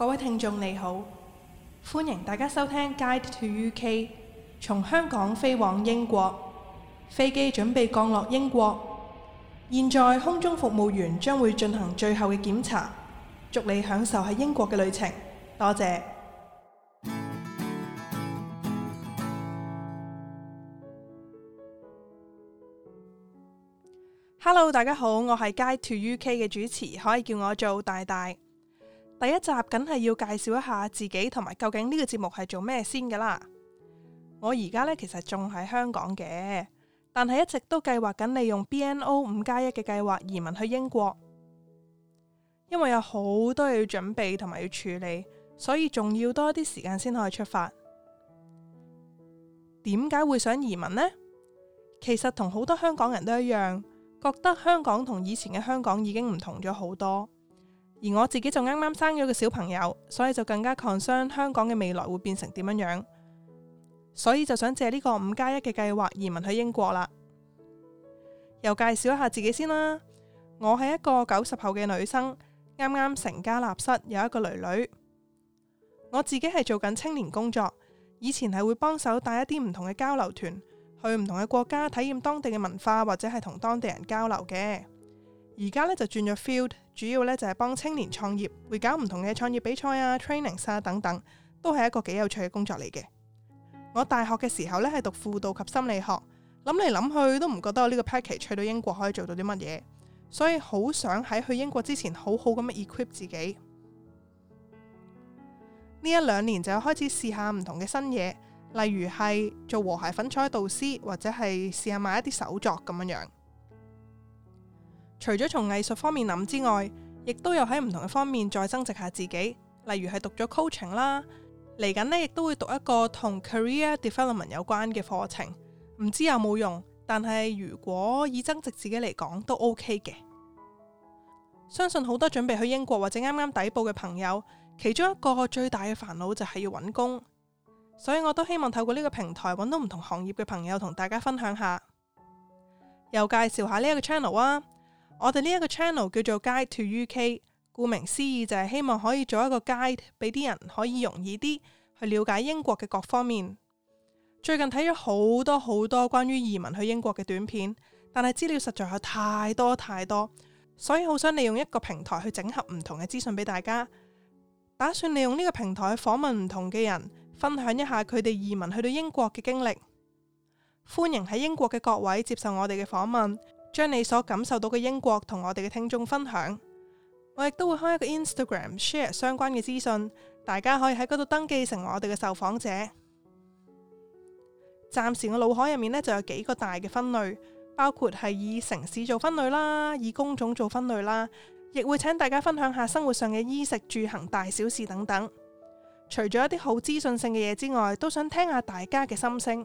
各位聽眾你好，歡迎大家收聽 Guide to UK，從香港飛往英國，飛機準備降落英國。現在空中服務員將會進行最後嘅檢查，祝你享受喺英國嘅旅程。多謝。Hello，大家好，我係 Guide to UK 嘅主持，可以叫我做大大。第一集梗係要介紹一下自己同埋究竟呢個節目係做咩先噶啦。我而家呢，其實仲喺香港嘅，但係一直都計劃緊利用 BNO 五加一嘅計劃移民去英國，因為有好多嘢要準備同埋要處理，所以仲要多啲時間先可以出發。點解會想移民呢？其實同好多香港人都一樣，覺得香港同以前嘅香港已經唔同咗好多。而我自己就啱啱生咗個小朋友，所以就更加 concern 香港嘅未來會變成點樣樣，所以就想借呢個五加一嘅計劃移民去英國啦。又介紹一下自己先啦，我係一個九十後嘅女生，啱啱成家立室，有一個囡囡。我自己係做緊青年工作，以前係會幫手帶一啲唔同嘅交流團去唔同嘅國家體驗當地嘅文化或者係同當地人交流嘅。而家咧就轉咗 field，主要咧就係幫青年創業，會搞唔同嘅創業比賽啊、training 啊等等，都係一個幾有趣嘅工作嚟嘅。我大學嘅時候咧係讀輔導及心理學，諗嚟諗去都唔覺得我呢個 package 去到英國可以做到啲乜嘢，所以好想喺去英國之前好好咁樣 equip 自己。呢一兩年就開始試下唔同嘅新嘢，例如係做和諧粉彩導師，或者係試下賣一啲手作咁樣樣。除咗從藝術方面諗之外，亦都有喺唔同嘅方面再增值下自己，例如係讀咗 coaching 啦，嚟緊呢亦都會讀一個同 career development 有關嘅課程，唔知有冇用，但係如果以增值自己嚟講都 OK 嘅。相信好多準備去英國或者啱啱抵埗嘅朋友，其中一個最大嘅煩惱就係要揾工，所以我都希望透過呢個平台揾到唔同行業嘅朋友同大家分享下，又介紹下呢一個 channel 啊。我哋呢一個 channel 叫做 Guide to UK，顧名思義就係希望可以做一個 guide 俾啲人可以容易啲去了解英國嘅各方面。最近睇咗好多好多關於移民去英國嘅短片，但係資料實在係太多太多，所以好想利用一個平台去整合唔同嘅資訊俾大家。打算利用呢個平台去訪問唔同嘅人，分享一下佢哋移民去到英國嘅經歷。歡迎喺英國嘅各位接受我哋嘅訪問。將你所感受到嘅英國同我哋嘅聽眾分享，我亦都會開一個 Instagram share 相關嘅資訊，大家可以喺嗰度登記成為我哋嘅受訪者。暫時我腦海入面呢就有幾個大嘅分類，包括係以城市做分類啦，以工種做分類啦，亦會請大家分享下生活上嘅衣食住行大小事等等。除咗一啲好資訊性嘅嘢之外，都想聽下大家嘅心聲。